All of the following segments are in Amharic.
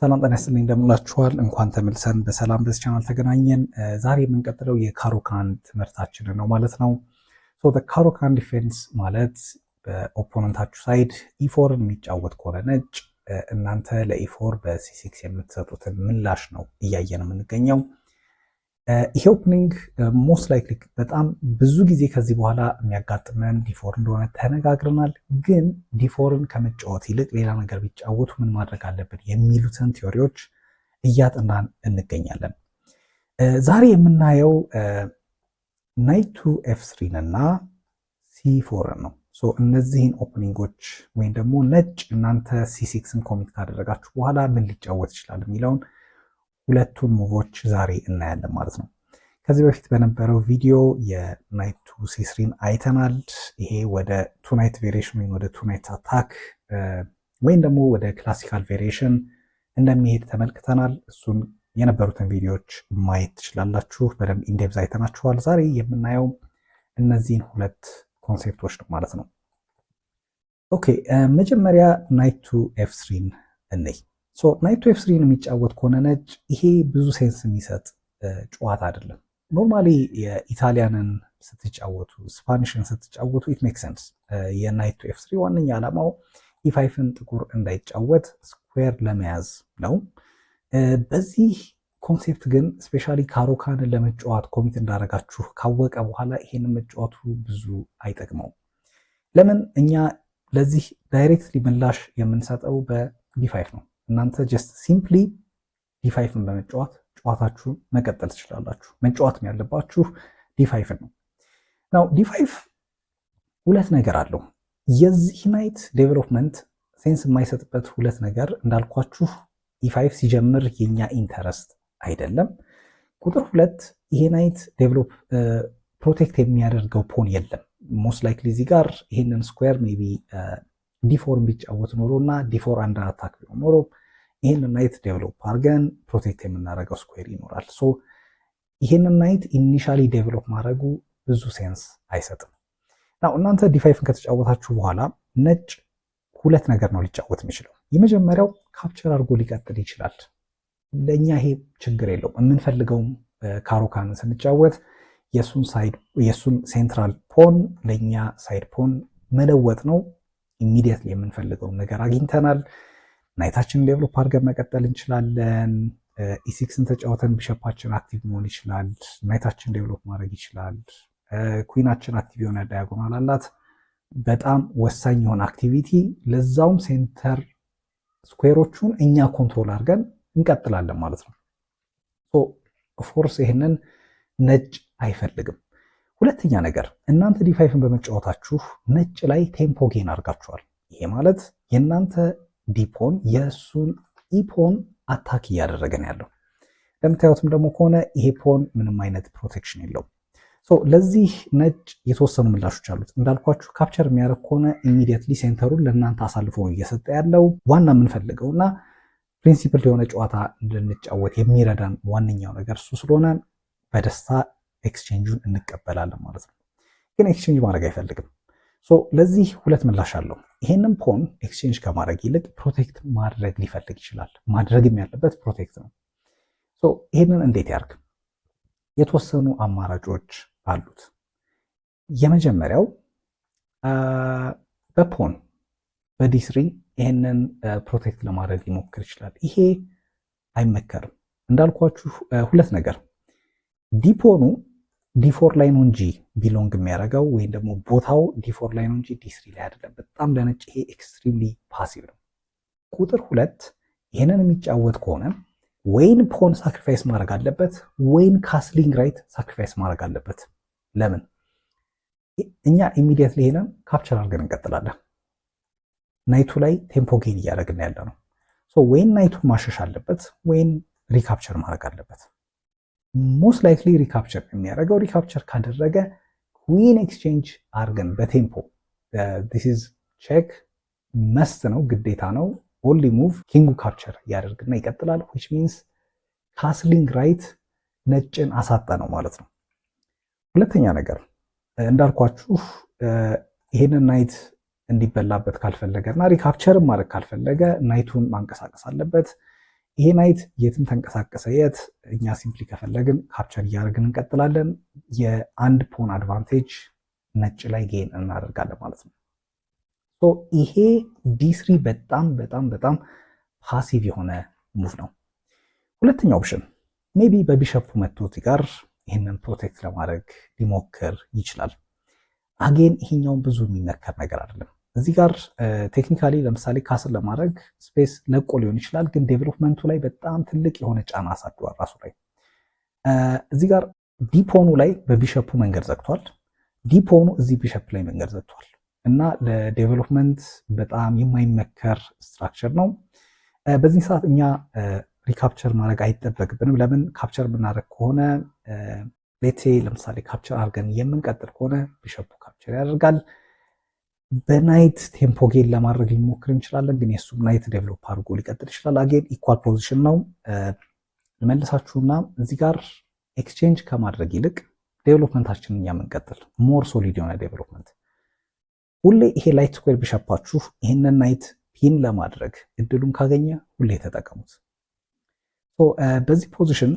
ሰላም ጤና ይስጥልኝ እንደምላችኋል። እንኳን ተመልሰን በሰላም በዚህ ቻናል ተገናኘን። ዛሬ የምንቀጥለው የካሮካን ትምህርታችን ነው ማለት ነው። ካሮካን ዲፌንስ ማለት በኦፖነንታችሁ ሳይድ ኢፎርን የሚጫወት ከሆነ ነጭ እናንተ ለኢፎር በሲሲክስ የምትሰጡትን ምላሽ ነው እያየን የምንገኘው። ይሄ ኦፕኒንግ ሞስት ላይክሊ በጣም ብዙ ጊዜ ከዚህ በኋላ የሚያጋጥመን ዲፎር እንደሆነ ተነጋግረናል። ግን ዲፎርን ከመጫወት ይልቅ ሌላ ነገር ቢጫወቱ ምን ማድረግ አለብን የሚሉትን ቲዎሪዎች እያጠናን እንገኛለን። ዛሬ የምናየው ናይቱ ቱ ኤፍ ስሪን እና ሲፎርን ነው። እነዚህን ኦፕኒንጎች ወይም ደግሞ ነጭ እናንተ ሲሲክስን ኮሚት ካደረጋችሁ በኋላ ምን ሊጫወት ይችላል የሚለውን ሁለቱን ሙቮች ዛሬ እናያለን ማለት ነው። ከዚህ በፊት በነበረው ቪዲዮ የናይት ቱ ሲስሪን አይተናል። ይሄ ወደ ቱ ናይት ቬሪሽን ወይም ወደ ቱ ናይት አታክ ወይም ደግሞ ወደ ክላሲካል ቬሪሽን እንደሚሄድ ተመልክተናል። እሱን የነበሩትን ቪዲዮዎች ማየት ትችላላችሁ። በደንብ ኢንዴፕዝ አይተናችኋል። ዛሬ የምናየው እነዚህን ሁለት ኮንሴፕቶች ነው ማለት ነው። ኦኬ መጀመሪያ ናይት ቱ ኤፍ እንይ ናይት ቱ ኤፍ ስሪን የሚጫወት ከሆነ ነጭ ይሄ ብዙ ሴንስ የሚሰጥ ጨዋታ አይደለም። ኖርማሊ የኢታሊያንን ስትጫወቱ፣ ስፓኒሽን ስትጫወቱ ኢት ሜክ ሰንስ የናይት ቱ ኤፍ ስሪ ዋነኛ ዓላማው ኢፋይፍን ጥቁር እንዳይጫወት ስኩዌር ለመያዝ ነው። በዚህ ኮንሴፕት ግን ስፔሻሊ ካሮካንን ለመጫወት ኮሚት እንዳደረጋችሁ ካወቀ በኋላ ይሄንን መጫወቱ ብዙ አይጠቅመው። ለምን እኛ ለዚህ ዳይሬክትሊ ምላሽ የምንሰጠው በዲፋይፍ ነው። እናንተ ጀስት ሲምፕሊ ዲፋይፍን በመጫወት ጨዋታችሁን መቀጠል ትችላላችሁ። መጫወትም ያለባችሁ ዲፋይፍን ነው። ናው ዲፋይፍ ሁለት ነገር አለው። የዚህ ናይት ዴቨሎፕመንት ሴንስ የማይሰጥበት ሁለት ነገር እንዳልኳችሁ ዲፋይፍ ሲጀምር የኛ ኢንተረስት አይደለም። ቁጥር ሁለት ይሄ ናይት ዴቨሎፕ ፕሮቴክት የሚያደርገው ፖን የለም። ሞስት ላይክሊ እዚህ ጋር ይሄንን ስኩዌር ሜይ ቢ ዲፎር ቢጫወት ኖሮ እና ዲፎር አንድ አታክ ቢሆን ኖሮ ይህንን ናይት ዴቨሎፕ አድርገን ፕሮቴክት የምናደርገው ስኩዌር ይኖራል። ሶ ይህን ናይት ኢኒሻሊ ዴቨሎፕ ማድረጉ ብዙ ሴንስ አይሰጥም። ናው እናንተ ዲፋይፍን ከተጫወታችሁ በኋላ ነጭ ሁለት ነገር ነው ሊጫወት የሚችለው። የመጀመሪያው ካፕቸር አድርጎ ሊቀጥል ይችላል። ለእኛ ይሄ ችግር የለውም። የምንፈልገውም ካሮካን ስንጫወት የእሱን ሴንትራል ፖን ለእኛ ሳይድ ፖን መለወጥ ነው። ኢሚዲየትሊ የምንፈልገውን ነገር አግኝተናል። ናይታችንን ዴቨሎፕ አድርገን መቀጠል እንችላለን። ኢሲክስን ተጫወተን ቢሸፓችን አክቲቭ መሆን ይችላል። ናይታችን ዴቨሎፕ ማድረግ ይችላል። ኩናችን አክቲቭ የሆነ ዳያጎናል አላት። በጣም ወሳኝ የሆነ አክቲቪቲ ለዛውም ሴንተር ስኩዌሮቹን እኛ ኮንትሮል አድርገን እንቀጥላለን ማለት ነው። ፎርስ ይህንን ነጭ አይፈልግም። ሁለተኛ ነገር እናንተ ዲፋይፍን በመጫወታችሁ ነጭ ላይ ቴምፖ ጌን አድርጋችኋል። ይሄ ማለት የእናንተ ዲፖን የእሱን ኢፖን አታክ እያደረገ ነው ያለው። እንደምታዩትም ደግሞ ከሆነ ይሄ ፖን ምንም አይነት ፕሮቴክሽን የለውም። ለዚህ ነጭ የተወሰኑ ምላሾች አሉት። እንዳልኳችሁ ካፕቸር የሚያደርግ ከሆነ ኢሚዲየትሊ ሴንተሩን ለእናንተ አሳልፎ እየሰጠ ያለው ዋና የምንፈልገው እና ፕሪንሲፕል የሆነ ጨዋታ እንድንጫወት የሚረዳን ዋነኛው ነገር እሱ ስለሆነ በደስታ ኤክስቼንጁን እንቀበላለን ማለት ነው። ግን ኤክስቼንጅ ማድረግ አይፈልግም። ሶ ለዚህ ሁለት ምላሽ አለው። ይህንም ፖን ኤክስቼንጅ ከማድረግ ይልቅ ፕሮቴክት ማድረግ ሊፈልግ ይችላል። ማድረግም ያለበት ፕሮቴክት ነው። ይህንን እንዴት ያርግ? የተወሰኑ አማራጮች አሉት። የመጀመሪያው በፖን በዲስሪ ይህንን ፕሮቴክት ለማድረግ ሊሞክር ይችላል። ይሄ አይመከርም። እንዳልኳችሁ ሁለት ነገር ዲፖኑ ዲፎር ላይ ነው እንጂ ቢሎንግ የሚያደርገው ወይም ደግሞ ቦታው ዲፎር ላይ ነው እንጂ ዲስሪ ላይ አይደለም። በጣም ለነጭ ይሄ ኤክስትሪምሊ ፓሲቭ ነው። ቁጥር ሁለት ይህንን የሚጫወት ከሆነ ወይን ፖን ሳክሪፋይስ ማድረግ አለበት፣ ወይን ካስሊንግ ራይት ሳክሪፋይስ ማድረግ አለበት። ለምን እኛ ኢሚዲየትሊ ይሄንን ካፕቸር አድርገን እንቀጥላለን። ናይቱ ላይ ቴምፖ ጌን እያደረግን ያለ ነው። ወይን ናይቱን ማሸሽ አለበት፣ ወይን ሪካፕቸር ማድረግ አለበት። ሞስት ላይክሊ ሪካፕቸር የሚያደርገው ሪካፕቸር ካደረገ ኩዊን ኤክስቼንጅ አድርገን በቴምፖ ዲስ ቼክ መስት ነው ግዴታ ነው። ኦንሊ ሙቭ ኪንጉ ካፕቸር ያደርግና ይቀጥላል። ዊች ሚንስ ካስሊንግ ራይት ነጭን አሳጣ ነው ማለት ነው። ሁለተኛ ነገር እንዳልኳችሁ ይሄንን ናይት እንዲበላበት ካልፈለገ እና ሪካፕቸርም ማድረግ ካልፈለገ ናይቱን ማንቀሳቀስ አለበት። ይሄ ናይት የትም ተንቀሳቀሰ የት እኛ ሲምፕሊ ከፈለግን ካፕቸር እያደረግን እንቀጥላለን። የአንድ ፖን አድቫንቴጅ ነጭ ላይ ጌን እናደርጋለን ማለት ነው። ይሄ ዲስሪ በጣም በጣም በጣም ፓሲቭ የሆነ ሙቭ ነው። ሁለተኛ ኦፕሽን ሜቢ በቢሸፑ መቶት ጋር ይህንን ፕሮቴክት ለማድረግ ሊሞክር ይችላል። አጌን ይሄኛውን ብዙ የሚመከር ነገር አይደለም። እዚህ ጋር ቴክኒካሊ ለምሳሌ ካስል ለማድረግ ስፔስ ለቆ ሊሆን ይችላል፣ ግን ዴቨሎፕመንቱ ላይ በጣም ትልቅ የሆነ ጫና አሳድሯል ራሱ ላይ። እዚህ ጋር ዲፖኑ ላይ በቢሸፑ መንገድ ዘግቷል። ዲፖኑ እዚህ ቢሸፕ ላይ መንገድ ዘግቷል እና ለዴቨሎፕመንት በጣም የማይመከር ስትራክቸር ነው። በዚህ ሰዓት እኛ ሪካፕቸር ማድረግ አይጠበቅብንም። ለምን ካፕቸር ብናደረግ ከሆነ ሌቴ ለምሳሌ ካፕቸር አድርገን የምንቀጥል ከሆነ ቢሸፑ ካፕቸር ያደርጋል። በናይት ቴምፖ ጌን ለማድረግ ሊሞክር እንችላለን፣ ግን የእሱም ናይት ዴቨሎፕ አድርጎ ሊቀጥል ይችላል። አጌን ኢኳል ፖዚሽን ነው። መልሳችሁና እዚህ ጋር ኤክስቼንጅ ከማድረግ ይልቅ ዴቨሎፕመንታችንን እያመንቀጥል ሞር ሶሊድ የሆነ ዴቨሎፕመንት ሁሌ ይሄ ላይት ስኩዌር ቢሸፓችሁ ይህንን ናይት ፒን ለማድረግ እድሉን ካገኘ ሁሌ ተጠቀሙት። በዚህ ፖዚሽን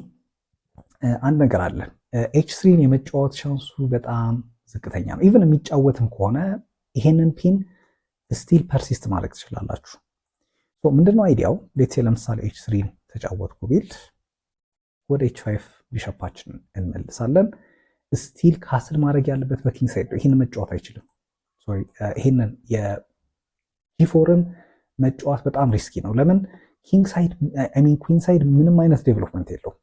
አንድ ነገር አለ። ኤች ስሪን የመጫወት ቻንሱ በጣም ዝቅተኛ ነው። ኢቨን የሚጫወትም ከሆነ ይሄንን ፒን ስቲል ፐርሲስት ማድረግ ትችላላችሁ። ምንድነው አይዲያው? ሌትሴ ለምሳሌ ኤች ስሪን ተጫወትኩ ቢል ወደ ኤች ፋይቭ ቢሸፓችን እንመልሳለን። ስቲል ካስል ማድረግ ያለበት በኪንግ ሳይድ ነው። ይህንን መጫወት አይችልም። ይህንን የጂፎርን መጫወት በጣም ሪስኪ ነው። ለምን? ኪንግ ሳይድ ሚን ኩዊን ሳይድ ምንም አይነት ዴቨሎፕመንት የለው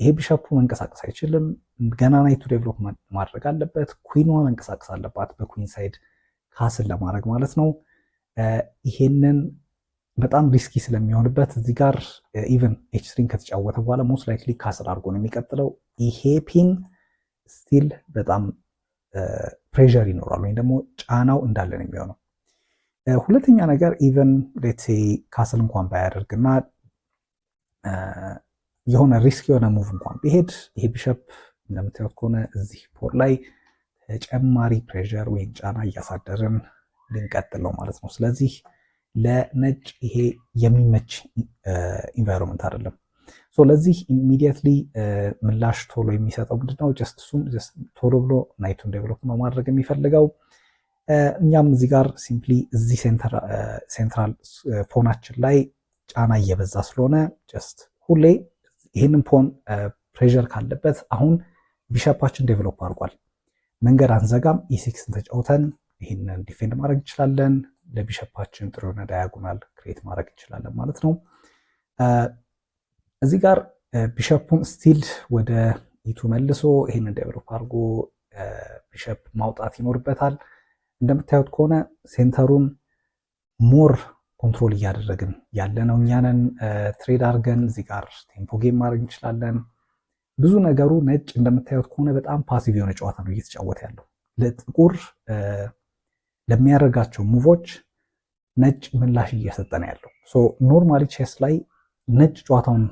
ይሄ ቢሸፑ መንቀሳቀስ አይችልም። ገና ናይቱ ዴቨሎፕመንት ማድረግ አለበት። ኩዊኗ መንቀሳቀስ አለባት በኩዊን ሳይድ ካስል ለማድረግ ማለት ነው። ይሄንን በጣም ሪስኪ ስለሚሆንበት እዚህ ጋር ኢቨን ኤችስትሪን ከተጫወተ በኋላ ሞስት ላይክሊ ካስል አድርጎ ነው የሚቀጥለው። ይሄ ፒን ስቲል በጣም ፕሬር ይኖራል ወይም ደግሞ ጫናው እንዳለ ነው የሚሆነው። ሁለተኛ ነገር ኢቨን ሌትሴ ካስል እንኳን ባያደርግና የሆነ ሪስክ የሆነ ሙቭ እንኳን ቢሄድ ይሄ ቢሸፕ እንደምታዩት ከሆነ እዚህ ፖር ላይ ተጨማሪ ፕሬር ወይም ጫና እያሳደርን ልንቀጥለው ማለት ነው። ስለዚህ ለነጭ ይሄ የሚመች ኢንቫይሮንመንት አይደለም። ሶ ለዚህ ኢሚዲየትሊ ምላሽ ቶሎ የሚሰጠው ምንድነው? ጀስት እሱም ቶሎ ብሎ ናይቱን ዴቨሎፕ ነው ማድረግ የሚፈልገው። እኛም እዚህ ጋር ሲምፕሊ እዚህ ሴንትራል ፎናችን ላይ ጫና እየበዛ ስለሆነ ጀስት ሁሌ ይህንን ፎን ፕሬዠር ካለበት አሁን ቢሸፓችን ዴቨሎፕ አድርጓል። መንገድ አንዘጋም። ኢሲክስን ተጫውተን ይህንን ዲፌንድ ማድረግ እንችላለን። ለቢሸፓችን ጥሩ የሆነ ዳያጎናል ክሬት ማድረግ እንችላለን ማለት ነው። እዚህ ጋር ቢሸፑን ስቲል ወደ ኢቱ መልሶ ይህንን ዴቨሎፕ አድርጎ ቢሸፕ ማውጣት ይኖርበታል። እንደምታዩት ከሆነ ሴንተሩን ሞር ኮንትሮል እያደረግን ያለነው እኛንን ትሬድ አድርገን እዚህ ጋር ቴምፖ ጌም ማድረግ እንችላለን። ብዙ ነገሩ ነጭ እንደምታዩት ከሆነ በጣም ፓሲቭ የሆነ ጨዋታ ነው እየተጫወተ ያለው። ለጥቁር ለሚያደርጋቸው ሙቮች ነጭ ምላሽ እየሰጠ ነው ያለው። ኖርማሊ ቼስ ላይ ነጭ ጨዋታውን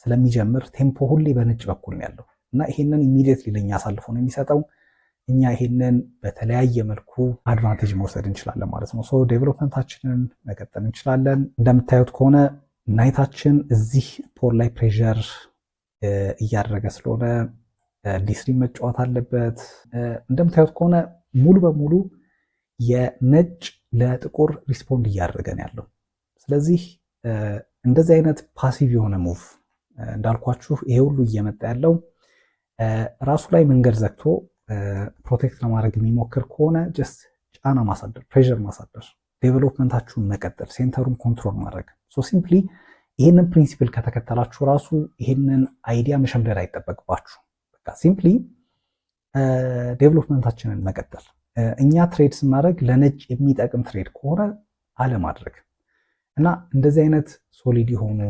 ስለሚጀምር ቴምፖ ሁሌ በነጭ በኩል ነው ያለው እና ይሄንን ኢሚዲየትሊ ለኛ አሳልፎ ነው የሚሰጠው። እኛ ይሄንን በተለያየ መልኩ አድቫንቴጅ መውሰድ እንችላለን ማለት ነው። ዴቨሎፕመንታችንን መቀጠል እንችላለን። እንደምታዩት ከሆነ ናይታችን እዚህ ፖር ላይ ፕሬር እያደረገ ስለሆነ ዲስሪ መጫወት አለበት። እንደምታዩት ከሆነ ሙሉ በሙሉ የነጭ ለጥቁር ሪስፖንድ እያደረገ ነው ያለው። ስለዚህ እንደዚህ አይነት ፓሲቭ የሆነ ሙቭ እንዳልኳችሁ ይሄ ሁሉ እየመጣ ያለው ራሱ ላይ መንገድ ዘግቶ ፕሮቴክት ለማድረግ የሚሞክር ከሆነ ጀስት ጫና ማሳደር፣ ፕሬር ማሳደር፣ ዴቨሎፕመንታችሁን መቀጠል፣ ሴንተሩን ኮንትሮል ማድረግ ሶ ሲምፕሊ ይህንን ፕሪንሲፕል ከተከተላችሁ ራሱ ይህንን አይዲያ መሸምደድ አይጠበቅባችሁ። በቃ ሲምፕሊ ዴቨሎፕመንታችንን መቀጠል። እኛ ትሬድ ስናደርግ ለነጭ የሚጠቅም ትሬድ ከሆነ አለማድረግ እና እንደዚህ አይነት ሶሊድ የሆኑ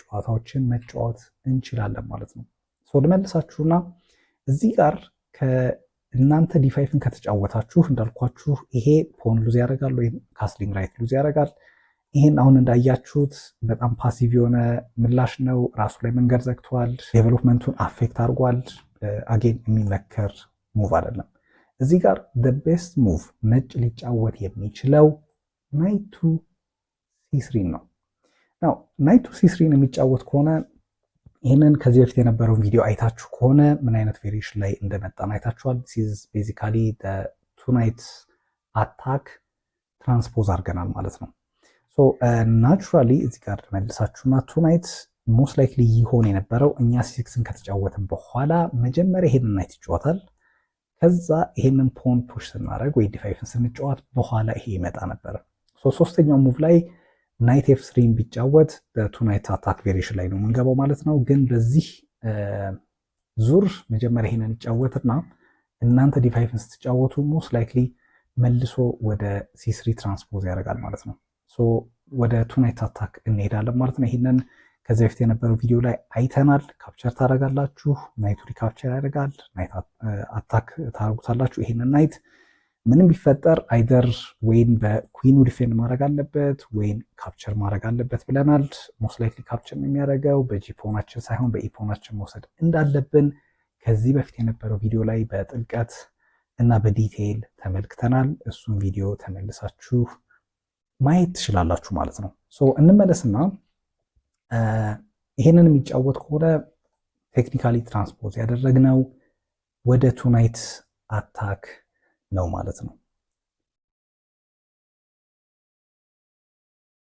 ጨዋታዎችን መጫወት እንችላለን ማለት ነው። ሶ ልመልሳችሁና እዚህ ጋር እናንተ ዲፋይፍን ከተጫወታችሁ እንዳልኳችሁ ይሄ ፖን ሉዝ ያደርጋል ወይም ካስሊንግ ራይት ሉዝ ያደርጋል። ይህን አሁን እንዳያችሁት በጣም ፓሲቭ የሆነ ምላሽ ነው። ራሱ ላይ መንገድ ዘግቷል። ዴቨሎፕመንቱን አፌክት አድርጓል። አጌን የሚመከር ሙቭ አይደለም። እዚህ ጋር ቤስት ሙቭ ነጭ ሊጫወት የሚችለው ናይቱ ሲስሪን ነው። ናው ናይቱ ሲስሪን የሚጫወት ከሆነ ይህንን ከዚህ በፊት የነበረውን ቪዲዮ አይታችሁ ከሆነ ምን አይነት ቬሪሽን ላይ እንደመጣን አይታችኋል። ሲዝ ቤዚካሊ ቱናይት አታክ ትራንስፖዝ አድርገናል ማለት ነው። ናቹራሊ uh, እዚህ ጋር መልሳችሁና ቱናይት ሞስት ላይክሊ ይሆን የነበረው እኛ ሲክስን ከተጫወትን በኋላ መጀመሪያ ይሄንን ናይት ይጫወታል። ከዛ ይሄንን ፖን ፑሽ ስናደርግ ወይ ዲፋይፍን ስንጫወት በኋላ ይሄ ይመጣ ነበረ። ሶስተኛው ሙቭ ላይ ናይት ኤፍ ስሪን ቢጫወት በቱናይት አታክ ቬሪሽን ላይ ነው የምንገባው ማለት ነው። ግን በዚህ uh, ዙር መጀመሪያ ይሄንን ይጫወትና እናንተ ዲፋይፍን ስትጫወቱ ሞስት ላይክሊ መልሶ ወደ ሲስሪ ትራንስፖዝ ያደርጋል ማለት ነው። ወደ ቱናይት አታክ እንሄዳለን ማለት ነው። ይህንን ከዚህ በፊት የነበረው ቪዲዮ ላይ አይተናል። ካፕቸር ታደርጋላችሁ፣ ናይቱ ሪካፕቸር ያደርጋል፣ ናይት አታክ ታደርጉታላችሁ። ይህንን ናይት ምንም ቢፈጠር አይደር ወይን በኩዊኑ ዲፌንድ ማድረግ አለበት ወይን ካፕቸር ማድረግ አለበት ብለናል። ሞስት ላይክሊ ካፕቸር የሚያደርገው በጂፖናችን ሳይሆን በኢፖናችን መውሰድ እንዳለብን ከዚህ በፊት የነበረው ቪዲዮ ላይ በጥልቀት እና በዲቴይል ተመልክተናል። እሱን ቪዲዮ ተመልሳችሁ ማየት ትችላላችሁ ማለት ነው። እንመለስና ይሄንን የሚጫወት ከሆነ ቴክኒካሊ ትራንስፖርት ያደረግነው ወደ ቱናይት አታክ ነው ማለት ነው።